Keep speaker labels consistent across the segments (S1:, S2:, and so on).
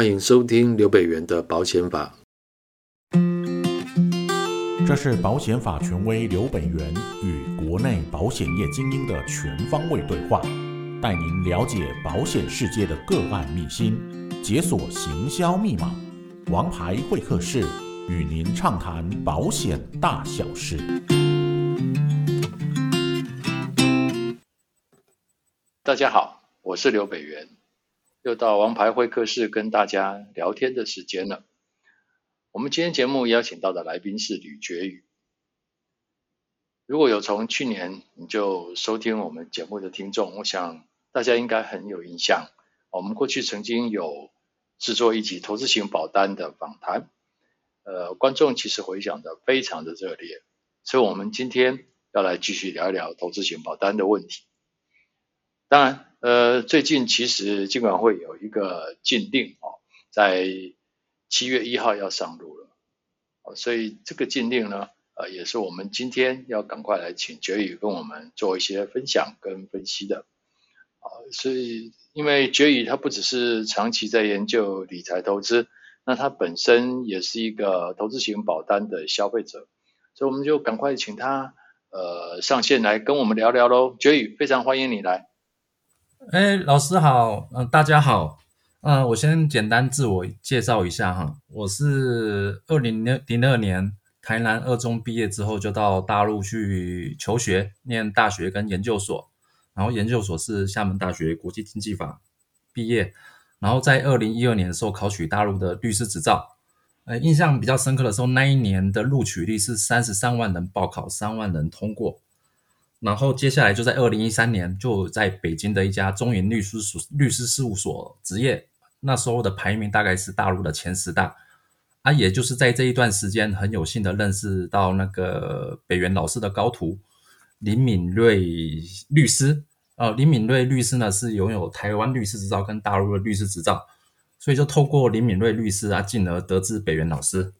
S1: 歡迎收聽劉北元的保險法。
S2: 這是保險法權威劉北元與國內保險業精英的全方位對話，帶您了解保險世界的個案秘辛，解鎖行銷密碼，王牌會客室，與您暢談保險大小事。
S1: 大家好，我是劉北元。又到王牌會客室跟大家聊天的時間了。我們今天節目邀請到的來賓是李爵宇。如果有從去年你就收聽我們節目的聽眾，我想大家應該很有印象。我們過去曾經有製作一集投資型保單的訪談，呃，觀眾其實回響的非常的熱烈，所以我們今天要來繼續聊一聊投資型保單的問題。當然。呃，最近其實金管會有一個禁令哦，在七月一號要上路了，哦，所以這個禁令呢，呃，也是我們今天要趕快來請爵宇跟我們做一些分享跟分析的，啊，哦，所以因為爵宇他不只是長期在研究理財投資，那他本身也是一個投資型保單的消費者，所以我們就趕快請他呃上線來跟我們聊聊嘍，爵宇非常歡迎你來。
S2: 哎，老師好，嗯、呃，大家好，嗯、呃，我先簡單自我介紹一下哈，我是二零零二年台南二中畢業之後就到大陸去求學，念大學跟研究所，然後研究所是廈門大學國際經濟法畢業，然後在二零一二年的時候考取大陸的律師執照，呃，印象比較深刻的時候，那一年的錄取率是三十三萬人報考三萬人通過。然後接下來就在二零一三年，就在北京的一家中銀律師事務律師事務所執業。那時候的排名大概是大陸的前十大。啊，也就是在這一段時間，很有幸的認識到那個北元老師的高徒林敏瑞律師。呃，林敏瑞律師呢是擁有台灣律師執照跟大陸的律師執照，所以就透過林敏瑞律師啊，進而得知北元老師。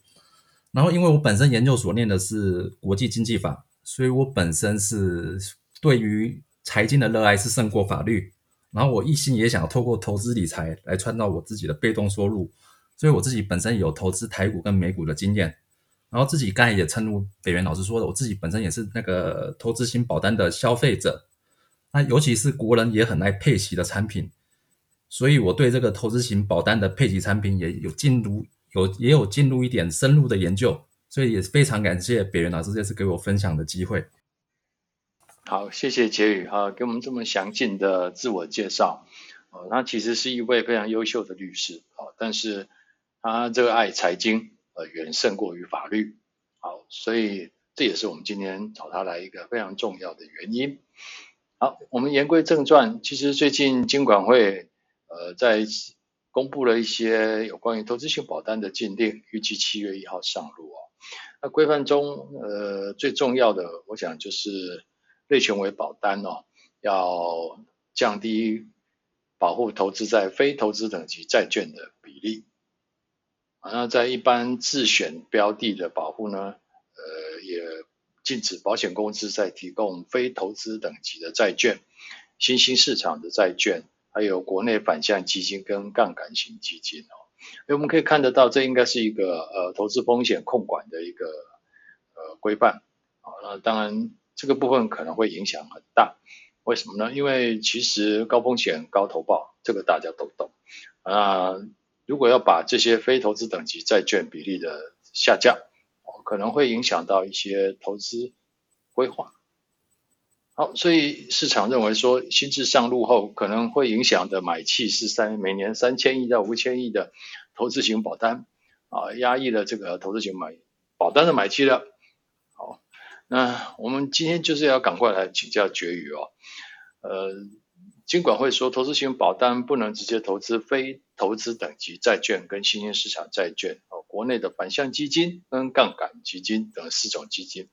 S2: 然後因為我本身研究所念的是國際經濟法。所以，我本身是對於財經的熱愛是勝過法律，然後我一心也想透過投資理財來創造我自己的被動收入。所以，我自己本身有投資台股跟美股的經驗，然後自己剛才也誠如佩元老師說的，我自己本身也是那個投資型保單的消費者，那尤其是國人也很愛配息的產品，所以我對這個投資型保單的配息產品也有進入，有也有進入一點深入的研究。所以也是非常感謝佩元老師這次給我分享的機會。好，謝謝爵宇哈，給我們這
S1: 麼詳盡的自我介紹、呃。他其實是一位非常優秀的律師啊、哦，但是他熱愛財經，呃，遠勝過於法律。好，所以這也是我們今天找他來一個非常重要的原因。好，我們言歸正傳，其實最近金管會呃在公布了一些有關於投資型保單的禁令，預計七月一號上路哦。那規範中，呃，最重要的，我想就是類全委保單哦，要降低保護投資在非投資等級債券的比例。好像在一般自選標的的保護呢，呃，也禁止保險公司再提供非投資等級的債券、新興市場的債券，還有國內反向基金跟槓桿型基金所以我們可以看得到，這應該是一個呃投資風險控管的一個呃規範啊。那當然，這個部分可能會影響很大。為什麼呢？因為其實高風險高投報，這個大家都懂啊。如果要把這些非投資等級債券比例的下降，啊、可能會影響到一些投資規劃。好，所以市場認為說，新制上路後，可能會影響的買氣是三每年三千億到五千億的投資型保單啊，壓抑了這個投資型買保單的買氣了。好，那我們今天就是要趕快來請教爵宇哦。呃，金管會說，投資型保單不能直接投資非投資等級債券跟新興市場債券哦、啊，國內的反向基金跟槓桿基金等四種基金。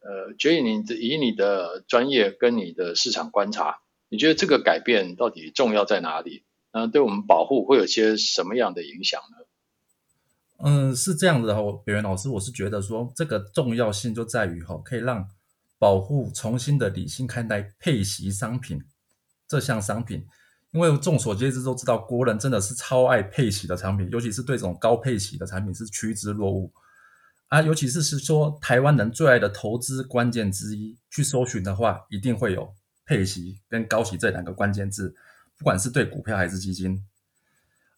S1: 呃，所以你以你的專業跟你的市場觀察，你覺得這個改變到底重要在哪裡？那對我們保戶會有些什麼
S2: 樣的影響呢？嗯，是這樣子的哈、哦，佩元老師，我是覺得說，這個重要性就在於哈，可以讓保戶重新的理性看待配息商品這項商品，因為眾所皆知都知道，國人真的是超愛配息的產品，尤其是對這種高配息的產品是趨之若鶩。啊，尤其是是說台灣人最愛的投資關鍵之一，去搜尋的話，一定會有配息跟高息這兩個關鍵字，不管是對股票還是基金。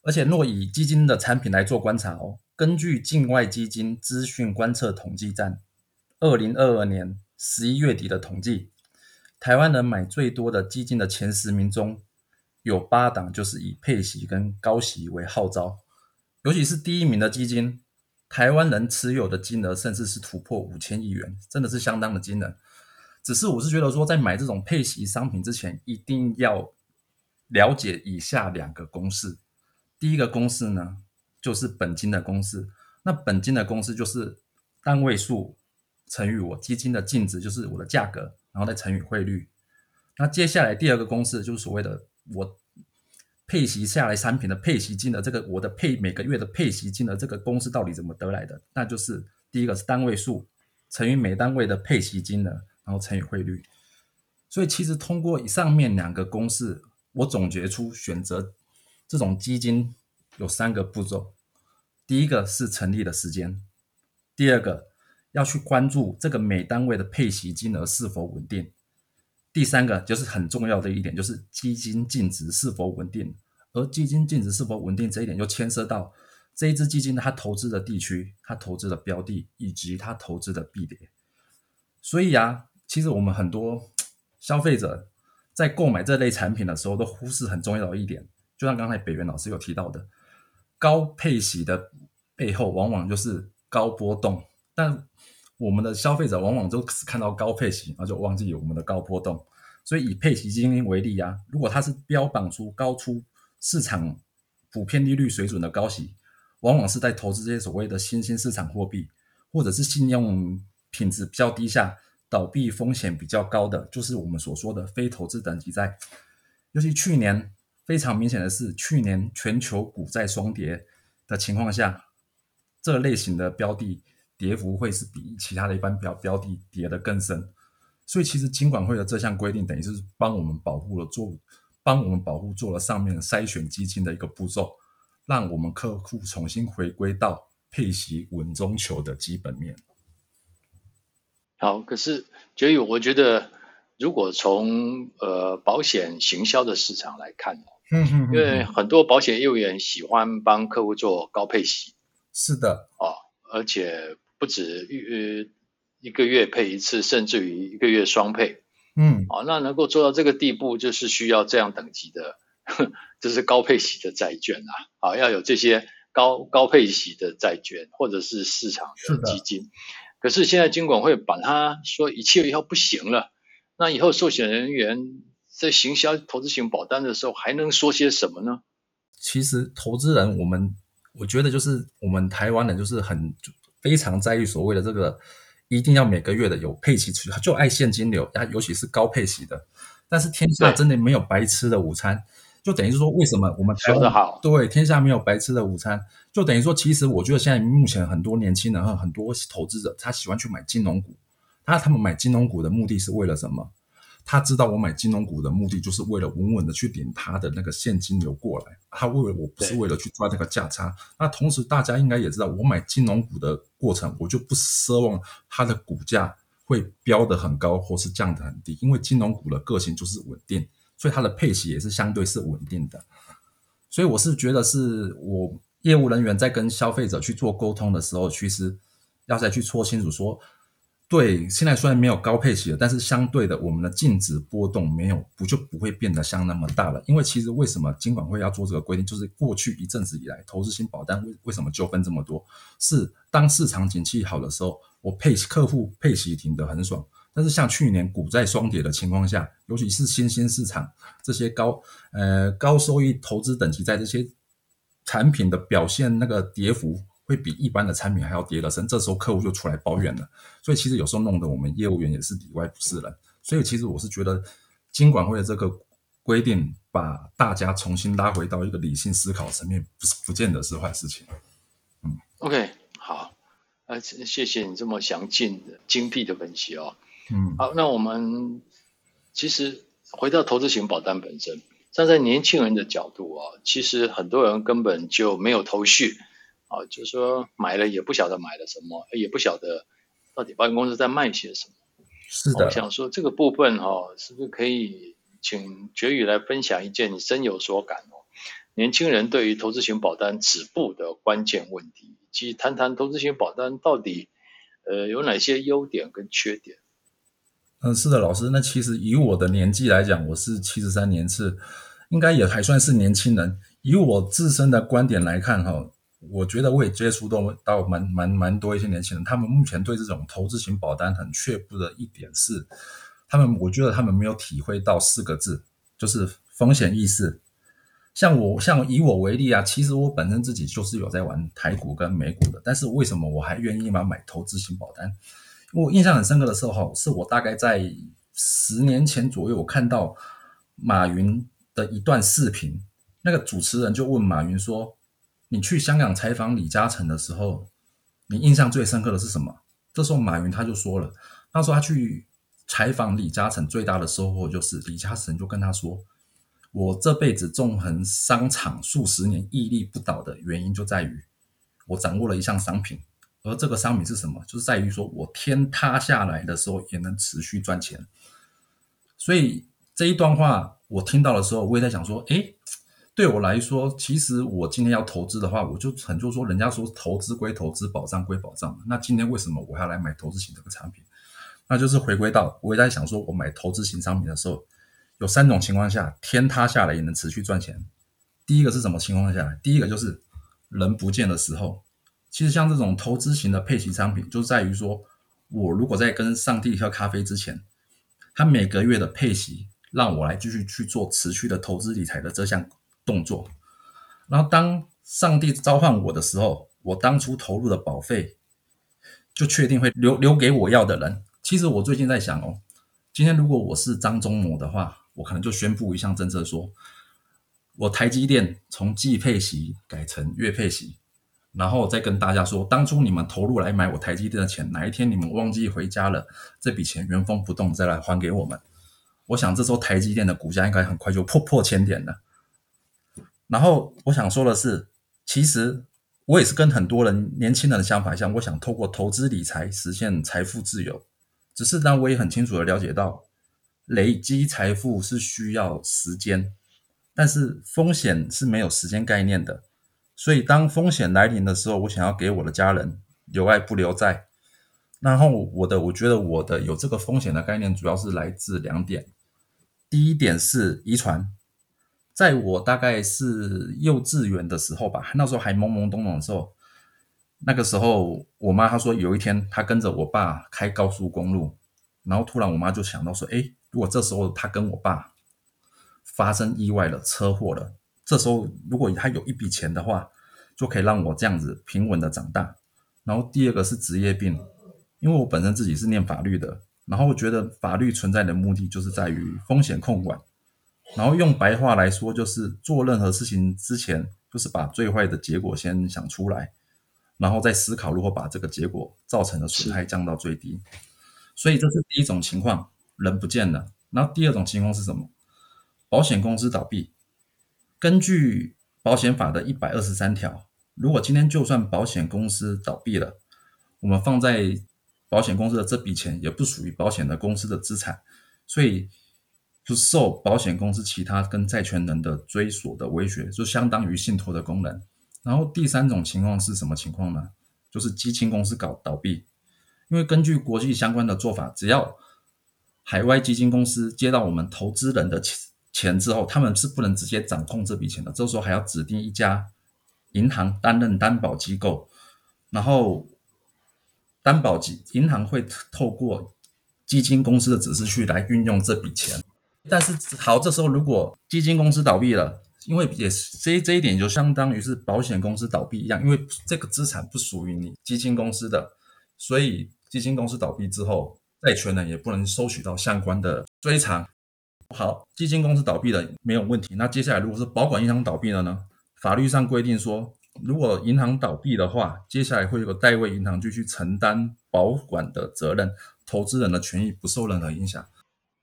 S2: 而且，若以基金的產品來做觀察哦，根據境外基金資訊觀測統計站，二零二二年十一月底的統計，台灣人買最多的基金的前十名中有八檔就是以配息跟高息為號召，尤其是第一名的基金。台灣人持有的金額甚至是突破五千億元，真的是相當的驚人。只是我是覺得說，在買這種配息商品之前，一定要了解以下兩個公式。第一個公式呢，就是本金的公式。那本金的公式就是單位數乘以我基金的淨值，就是我的價格，然後再乘以匯率。那接下來第二個公式就是所謂的我。配息下來產品的配息金額，這個我的配每個月的配息金額，這個公式到底怎麼得來的？那就是第一個是單位數乘以每單位的配息金額，然後乘以匯率。所以其實通過以上面兩個公式，我總結出選擇這種基金有三個步驟：第一個是成立的時間；第二個要去關注這個每單位的配息金額是否穩定。第三個就是很重要的一點，就是基金淨值是否穩定。而基金淨值是否穩定這一點，又牽涉到這一只基金它投資的地區、它投資的標的以及它投資的幣別。所以啊，其實我們很多消費者在購買這類產品的時候，都忽視很重要的一點，就像剛才沛元老師有提到的，高配息的背後往往就是高波動。但我們的消費者往往都是看到高配息，然後就忘記有我們的高波動。所以以配息基金為例啊，如果它是標榜出高出市場普遍利率水準的高息，往往是在投資這些所謂的新興市場貨幣，或者是信用品質比較低下、倒閉風險比較高的，就是我們所說的非投資等級債。尤其去年非常明顯的是，去年全球股債雙跌的情況下，這類型的標的。跌幅會是比其他的一般標標的跌得更深，所以其實金管會的這項規定，等於是幫我們保護了做，幫我們保護做了上面篩選基金的一個步驟，讓我們客戶重新回歸到配息穩中求的基本面。
S1: 好，可是爵宇，我覺得如果從呃保險行銷的市場來看， 因為很多保險業務員喜歡幫客戶做高配息。是的啊、哦，而且。不止一一個月配一次，甚至於一個月雙配，
S2: 嗯，啊、
S1: 那能夠做到這個地步，就是需要這樣等級的，就是高配息的債券啊，啊，要有這些高高配息的債券或者是市場的基金。是，可是現在金管會把它說一切以後不行了，那以後壽險人員在行銷投資型保單的時候還能說些什麼呢？
S2: 其實投資人，我們我覺得就是我們台灣人就是很，非常在意所謂的這個，一定要每個月的有配息出來，他就愛現金流，他尤其是高配息的。但是天下真的沒有白吃的午餐，哎、就等於是說，為什麼我們說的好，對，天下沒有白吃的午餐，就等於說，其實我覺得現在目前很多年輕人和很多投資者，他喜歡去買金融股，那他，他們買金融股的目的是為了什麼？他知道我買金融股的目的，就是為了穩穩的去領他的那個現金流過來。他為了我，不是為了去賺那個價差。那同時，大家應該也知道，我買金融股的過程，我就不奢望它的股價會飆得很高，或是降得很低，因為金融股的個性就是穩定，所以它的配息也是相對是穩定的。所以我是覺得，是我業務人員在跟消費者去做溝通的時候，其實要再去說清楚說。對，現在雖然沒有高配息了，但是相對的，我們的淨值波動沒有不就不會變得像那麽大了。因為其實為什麽金管會要做這個規定，就是過去一陣子以來，投資型保單為為什麽糾紛這麽多？是當市場景氣好的時候，我配客戶配息停得很爽，但是像去年股債雙跌的情況下，尤其是新興市場這些高呃高收益投資等級在這些產品的表現那個跌幅。會比一般的產品還要跌得深，這時候客戶就出來抱怨了。所以其實有時候弄得我們業務員也是裡外不是人。所以其實我是覺得，金管會的這個規定把大家重新拉回到一個理性思考層面，不是不見得是壞事情。
S1: 嗯，OK，好，呃，謝謝你這麼詳盡、精闢的分析哦。嗯，好，那我們其實回到投資型保單本身，站在年輕人的角度啊、哦，其實很多人根本就沒有頭緒。啊、哦，就是說買了也不曉得買了什麼，也不曉得到底保險公司在賣些什麼。是的，我想說這個部分哈、哦，是不是可以請爵宇來分享一件你深有所感哦？年輕人對於投資型保單止步的關鍵問題，以及談談投資型保單到底呃有哪些優點跟缺點？
S2: 嗯，是的，老師，那其實以我的年紀來講，我是七十三年次，是應該也還算是年輕人。以我自身的觀點來看哈、哦。我覺得我也接觸到到蠻蠻蠻多一些年輕人，他們目前對這種投資型保單很卻步的一點是，他們我覺得他們沒有體會到四個字，就是風險意識。像我像以我為例啊，其實我本身自己就是有在玩台股跟美股的，但是為什麼我還願意嘛買投資型保單？我印象很深刻的時候是我大概在十年前左右，我看到馬雲的一段視頻，那個主持人就問馬雲說，你去香港採訪李嘉誠的時候，你印象最深刻的是什麼？這時候馬雲他就說了，他說他去採訪李嘉誠最大的收穫就是李嘉誠就跟他說：“我這輩子縱橫商場數十年屹立不倒的原因就在於我掌握了一項商品，而這個商品是什麼？就是在於說我天塌下來的時候也能持續賺錢。”所以這一段話我聽到的時候，我也在想說：“誒……”對我來說，其實我今天要投資的話，我就很就說，人家說投資歸投資，保障歸保障。那今天為什麼我要來買投資型這個產品？那就是回歸到我也在想，說我買投資型商品的時候，有三種情況下，天塌下來也能持續賺錢。第一個是什麼情況下來？第一個就是人不見的時候。其實像這種投資型的配息商品，就在於說我如果在跟上帝喝咖啡之前，他每個月的配息讓我來繼續去做持續的投資理財的這項。動作，然後當上帝召喚我的時候，我當初投入的保費就確定會留留給我要的人。其實我最近在想哦，今天如果我是張忠謀的話，我可能就宣布一項政策說，說我台積電從季配息改成月配息，然後再跟大家說，當初你們投入來買我台積電的錢，哪一天你們忘記回家了，這筆錢原封不動再來還給我們。我想這時候台積電的股價應該很快就破破千點了。然後我想說的是，其實我也是跟很多人、年輕人的想法一樣，我想透過投資理財實現財富自由。只是當我也很清楚的了解到，累積財富是需要時間，但是風險是沒有時間概念的。所以當風險來臨的時候，我想要給我的家人留愛不留債。然後我的，我覺得我的有這個風險的概念，主要是來自兩點：第一點是遺傳。在我大概是幼稚園的時候吧，那時候還懵懵懂懂的時候，那個時候我媽她說有一天她跟着我爸開高速公路，然後突然我媽就想到說，誒，如果這時候她跟我爸發生意外了，車禍了，這時候如果她有一筆錢的話，就可以讓我這樣子平穩的長大。然後第二個是職業病，因為我本身自己是念法律的，然後我覺得法律存在的目的就是在於風險控管。然後用白話來說，就是做任何事情之前，就是把最壞的結果先想出來，然後再思考如何把這個結果造成的損害降到最低。所以這是第一種情況，人不見了。然後第二種情況是什麼？保險公司倒閉。根據保險法的一百二十三條，如果今天就算保險公司倒閉了，我們放在保險公司的這筆錢也不屬於保險的公司的資產，所以，就受保險公司其他跟債權人的追索的威脅，就相當於信託的功能。然後第三種情況是什麼情況呢？就是基金公司搞倒閉，因為根據國際相關的做法，只要海外基金公司接到我們投資人的錢錢之後，他們是不能直接掌控這筆錢的，這時候還要指定一家銀行擔任擔保機構，然後擔保銀銀行會透過基金公司的指示去來運用這筆錢。但是好，這時候如果基金公司倒閉了，因為也是這這一點就相當於是保險公司倒閉一樣，因為這個資產不屬於你基金公司的，所以基金公司倒閉之後，債權人也不能收取到相關的追償。好，基金公司倒閉了沒有問題。那接下來如果是保管銀行倒閉了呢？法律上規定說，如果銀行倒閉的話，接下來會有個代位銀行就去承擔保管的責任，投資人的權益不受任何影響。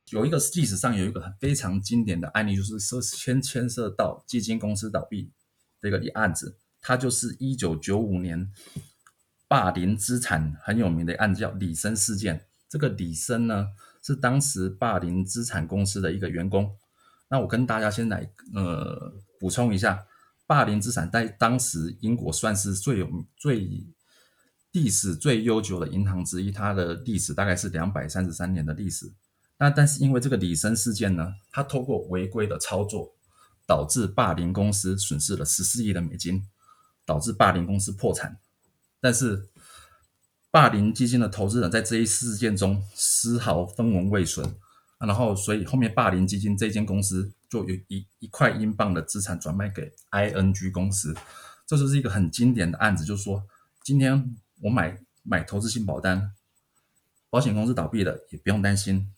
S2: 有一個歷史上有一個非常經典的案例，就是涉牽牽涉到基金公司倒閉這一個案子，它就是一九九五年霸凌資產很有名的案子，叫李森事件。這個李森呢，是當時霸凌資產公司的一個員工。那我跟大家先來呃補充一下，霸凌資產在當時英國算是最有最歷史最悠久的銀行之一，它的歷史大概是兩百三十三年的歷史。那但是因為這個里森事件呢，他透過違規的操作，導致霸凌公司損失了十四億的美金，導致霸凌公司破產。但是霸凌基金的投資人在這一事件中絲毫分文未損，啊，然後所以後面霸凌基金這間公司就有一一塊英鎊的資產轉賣給 ING 公司。這就是一個很經典的案子，就是說今天我買買投資型保單，保險公司倒閉了也不用擔心。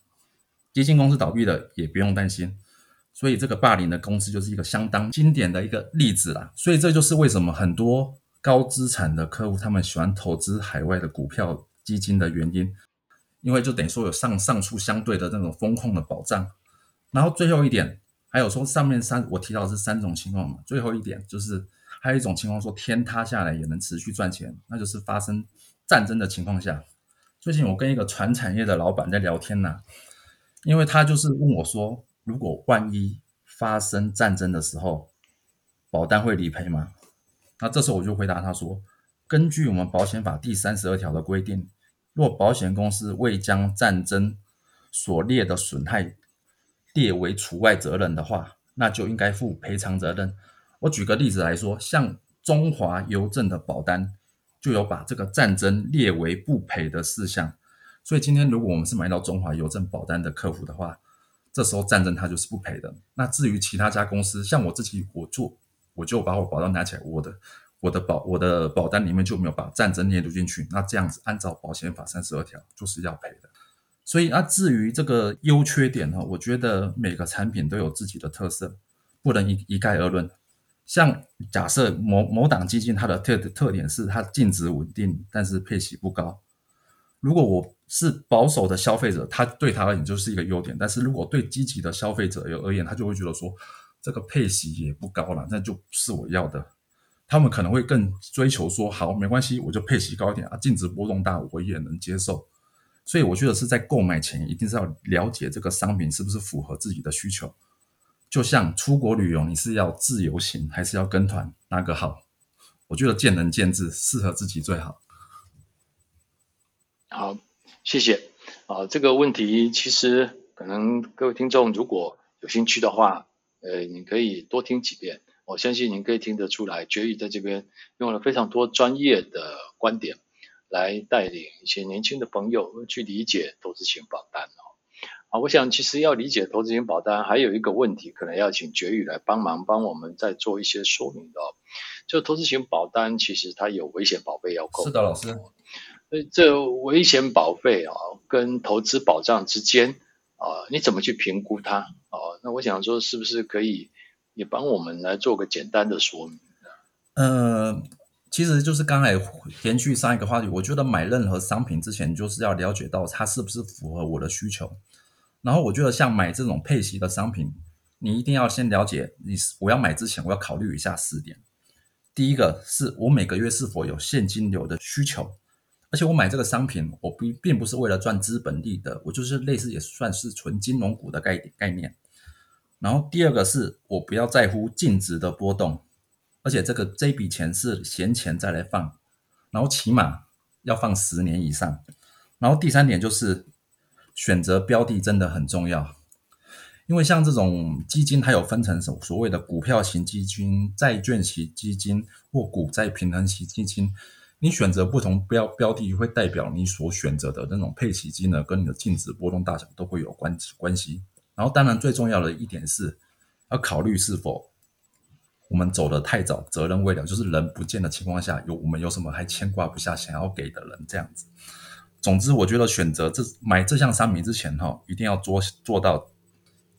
S2: 基金公司倒閉了也不用擔心，所以這個霸凌的公司就是一個相當經典的一個例子啦。所以這就是為什麼很多高資產的客戶他們喜歡投資海外的股票基金的原因，因為就等於說有上上述相對的那種風控的保障。然後最後一點，還有說上面三我提到的是三種情況嘛，最後一點就是還有一種情況說天塌下來也能持續賺錢，那就是發生戰爭的情況下。最近我跟一個傳產業的老板在聊天吶、啊。因為他就是問我說：“如果萬一發生戰爭的時候，保單會理賠嗎？”那這時候我就回答他說：“根據我們保險法第三十二條的規定，若保險公司未將戰爭所列的損害列為除外責任的話，那就應該負賠償責任。”我舉個例子來說，像中華郵政的保單就有把這個戰爭列為不賠的事項。所以今天如果我們是買到中華郵政保單的客戶的話，這時候戰爭它就是不賠的。那至於其他家公司，像我自己，我做，我就把我保單拿起來我的，我的我的保我的保單裡面就沒有把戰爭列入進去。那這樣子按照保險法三十二條就是要賠的。所以那至於這個優缺點呢，我覺得每個產品都有自己的特色，不能一一概而論。像假設某某檔基金，它的特特點是它淨值穩定，但是配息不高。如果我是保守的消費者，他對他而言就是一個優點，但是如果對積極的消費者有而言，他就會覺得說這個配息也不高啦，那就不是我要的。他們可能會更追求說，好，沒關係，我就配息高一點啊，淨值波動大，我也能接受。所以我覺得是在購買前一定是要了解這個商品是不是符合自己的需求。就像出國旅遊，你是要自由行還是要跟團，哪個好？我覺得見仁見智，適合自己最好。好，謝
S1: 謝。啊，這個問題其實可能各位聽眾如果有興趣的話，呃，你可以多聽幾遍。我相信您可以聽得出來，爵宇在這邊用了非常多專業的觀點來帶領一些年輕的朋友去理解投資型保單哦。啊，我想其實要理解投資型保單，還有一個問題，可能要請爵宇來幫忙幫我們再做一些說明的哦。就投資型保單，其實它有危險保費要扣。是的，老師。所以這危險保費啊、哦，跟投資保障之間啊、呃，你怎麼去評估它啊、呃？那我想說，是不是可以也幫我們來做個簡單的說明
S2: 呢、呃？其實就是剛才延續上一個話題，我覺得買任何商品之前，就是要了解到它是不是符合我的需求。然後我覺得像買這種配息的商品，你一定要先了解，你我要買之前，我要考慮以下四點。第一個是我每個月是否有現金流的需求。而且我買這個商品，我並不是為了賺資本利得，我就是類似也算是純金融股的概念概念。然後第二個是，我不要在乎淨值的波動，而且這個這筆錢是閒錢再來放，然後起碼要放十年以上。然後第三點就是選擇標的真的很重要，因為像這種基金，它有分成所謂的股票型基金、債券型基金或股債平衡型基金。你選擇不同標標的，會代表你所選擇的那種配息機呢，跟你的淨值波動大小都會有關係。關係。然後，當然最重要的一點是，要考慮是否我們走得太早，責任未了，就是人不見的情況下，有我們有什麼還牽掛不下，想要給的人這樣子。總之，我覺得選擇這買這項商品之前，哈，一定要做做到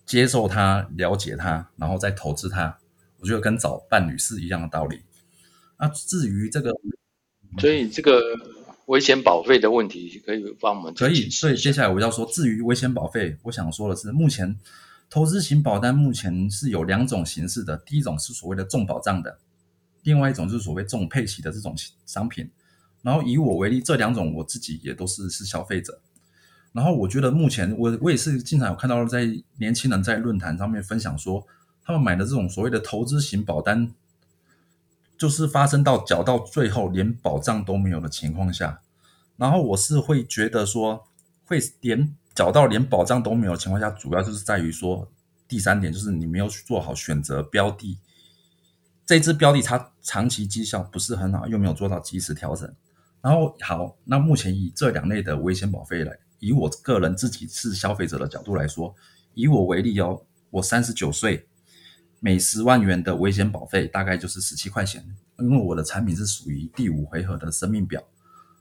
S2: 接受它、了解它，然後再投資它。我覺得跟找伴侶是一樣的道理。那至於這個。
S1: 所以這個危險保費的問題可以幫我們。可以，
S2: 所以接下來我要說，至於危險保費，我想說的是，目前投資型保單目前是有兩種形式的，第一種是所謂的重保障的，另外一種就是所謂重配息的這種商品。然後以我為例，這兩種我自己也都是是消費者。然後我覺得目前我我也是經常有看到在年輕人在論壇上面分享說，他們買的這種所謂的投資型保單。就是發生到繳到最後連保障都沒有的情況下，然後我是會覺得說會連繳到連保障都沒有的情況下，主要就是在於說第三點，就是你沒有去做好選擇標的，這支標的它長期績效不是很好，又沒有做到及時調整。然後好，那目前以這兩類的危險保費來，以我個人自己是消費者的角度來說，以我為例哦，我三十九歲。每十萬元的危險保費大概就是十七塊錢，因為我的產品是屬於第五回合的生命表，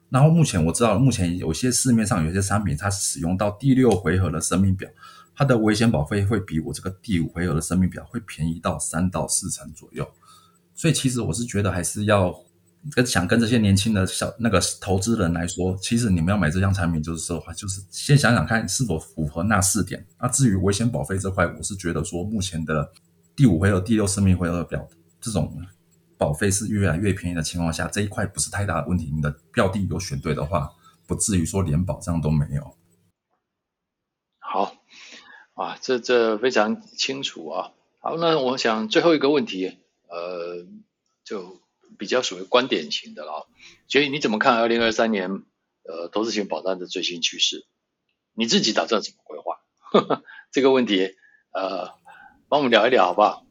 S2: 然後目前我知道，目前有些市面上有些產品，它使用到第六回合的生命表，它的危險保費會比我這個第五回合的生命表會便宜到三到四成左右，所以其實我是覺得還是要跟想跟這些年輕的小那個投資人來說，其實你們要買這項產品就是說的話就是先想想看是否符合那四點。啊，那至於危險保費這塊，我是覺得說目前的。第五回合，第六生命回合的表，這種保費是越來越便宜的情況下，這一塊不是太大的問題。你的標的有選對的話，不至於說連保障都沒有。
S1: 好啊，這這非常清楚啊。好，那我想最後一個問題，呃，就比較屬於觀點型的了。所以你怎麼看二零二三年呃投資型保單的最新趨勢？你自己打算怎麼規劃？ 這個問題，呃。幫我們聊
S2: 一聊，好不好？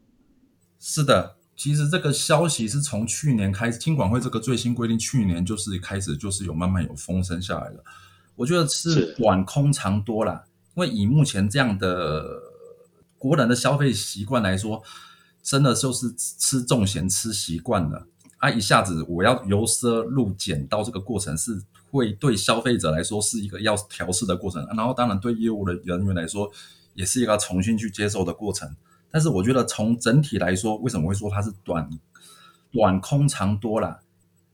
S2: 是的，其實這個消息是從去年開始，金管會這個最新規定，去年就是開始就是有慢慢有風聲下來了。我覺得是短空長多了，因為以目前這樣的國人的消費習慣來說，真的就是吃重鹹吃習慣了。啊，一下子我要由奢入儉到這個過程，是會對消費者來說是一個要調試的過程，啊、然後當然對業務的人員來說也是一個重新去接受的過程。但是我覺得從整體來說，為什麼會說它是短，短空長多啦？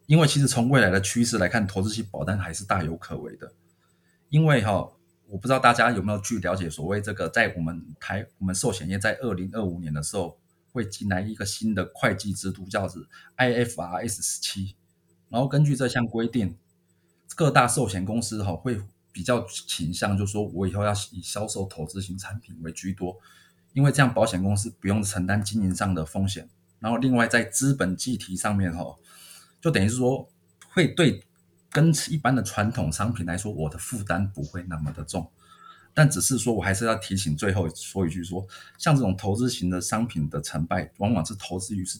S2: 因為其實從未來的趨勢來看，投資型保單還是大有可為的。因為哈，我不知道大家有沒有去了解，所謂這個在我們台我們壽險業在二零二五年的時候會進來一個新的會計製度叫做 IFRS17，然後根據這項規定，各大壽險公司哈會比較傾向就是說我以後要以銷售投資型產品為居多。因為這樣，保險公司不用承擔經營上的風險。然後，另外在資本計提上面，哈，就等於是說，會對跟一般的傳統商品來說，我的負擔不會那麼的重。但只是說，我還是要提醒，最後說一句，說像這種投資型的商品的成敗，往往是投資於是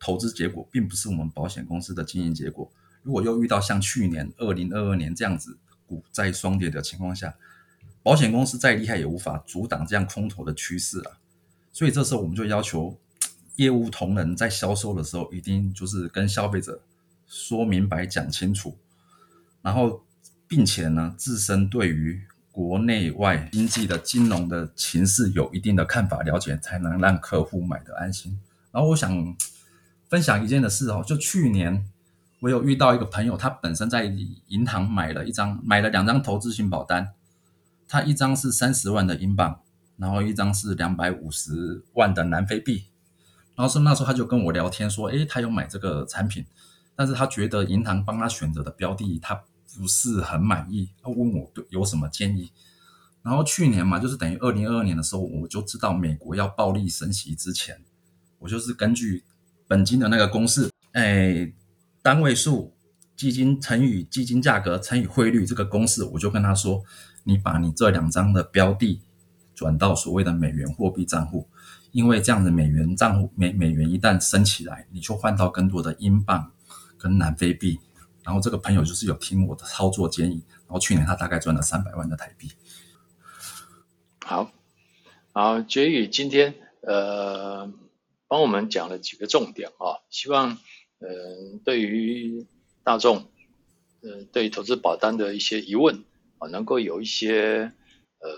S2: 投資結果，並不是我們保險公司的經營結果。如果又遇到像去年二零二二年這樣子股債雙跌的情況下，保險公司再厲害也無法阻擋這樣空頭的趨勢了，所以這時候我們就要求業務同仁在銷售的時候，一定就是跟消費者說明白、講清楚，然後並且呢，自身對於國內外經濟的金融的情勢有一定的看法了解，才能讓客戶買得安心。然後我想分享一件的事哦、喔，就去年我有遇到一個朋友，他本身在銀行買了一張、買了兩張投資型保單。他一張是三十萬的英鎊，然後一張是兩百五十萬的南非幣，然後說那時候他就跟我聊天說：“哎，他有買這個產品，但是他覺得銀行幫他選擇的標的他不是很滿意，他問我有什麼建議。”然後去年嘛，就是等於二零二二年的時候，我就知道美國要暴力升息之前，我就是根據本金的那個公式，哎，單位數基金乘以基金價格乘以匯率這個公式，我就跟他說。你把你這兩張的標的轉到所謂的美元貨幣賬戶，因為這樣的美元賬戶美美元一旦升起來，你就換到更多的英鎊跟南非幣。然後這個朋友就是有聽我的操作建議，然後去年他大概賺了三百萬的台幣。好，
S1: 好，爵宇今天呃幫我們講了幾個重點啊、哦，希望呃對於大眾呃對於投資保單的一些疑問，啊，能夠有一些，呃，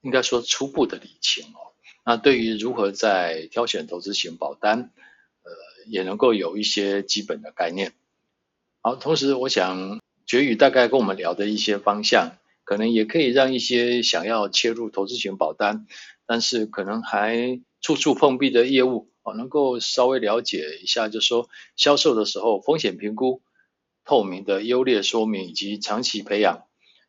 S1: 應該說初步的理清哦。那對於如何在挑選投資型保單，呃，也能夠有一些基本的概念。好，同時我想，爵宇大概跟我們聊的一些方向，可能也可以讓一些想要切入投資型保單，但是可能還處處碰壁的業務，啊，能夠稍微了解一下，就是說銷售的時候風險評估、透明的優劣說明以及長期培養。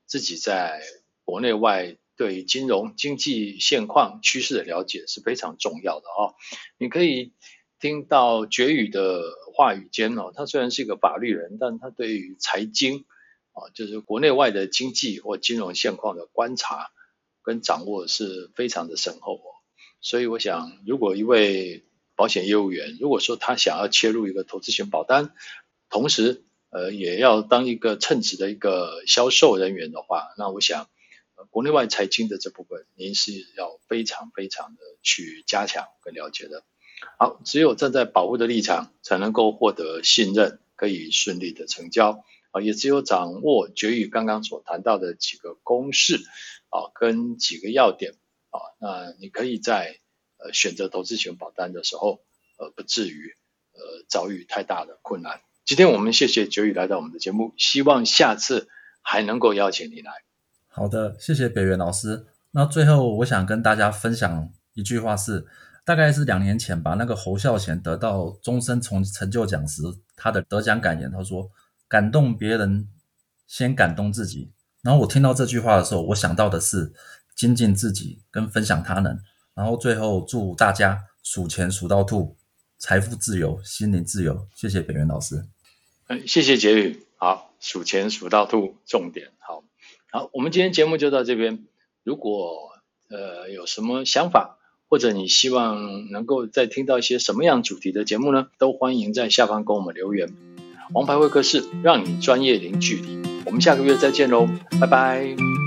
S1: 自己在國內外對金融經濟現況趨勢的了解是非常重要的啊、哦！你可以聽到爵宇的話語間哦，他雖然是一個法律人，但他對於財經啊，就是國內外的經濟或金融現況的觀察跟掌握是非常的深厚哦。所以我想，如果一位保險業務員，如果說他想要切入一個投資型保單，同時呃，也要當一個稱職的一個銷售人員的話，那我想、呃，國內外財經的這部分，您是要非常非常的去加強跟了解的。好，只有站在保戶的立場，才能夠獲得信任，可以順利的成交啊。也只有掌握絕於剛剛所談到的幾個公式啊，跟幾個要點啊，那你可以在呃選擇投資型保單的時候，呃，不至於呃遭遇太大的困難。今天我們謝謝爵宇來到我們的節目，希望下次還能夠邀請你來。
S2: 好的，謝謝佩元老師。那最後我想跟大家分享一句話是，大概是兩年前吧，那個侯孝賢得到終身成成就獎時，他的得獎感言，他說感動別人先感動自己。然後我聽到這句話的時候，我想到的是精進自己跟分享他人。然後最後祝大家數錢數到吐，財富自由，心靈自由。謝謝佩元老師。
S1: 哎，謝謝爵宇，好，數錢數到吐，重點。好，好，我們今天節目就到這邊。如果呃有什麼想法，或者你希望能夠再聽到一些什麼樣主題的節目呢？都歡迎在下方跟我們留言。王牌會客室，讓你專業零距離。我們下個月再見嘍，拜拜。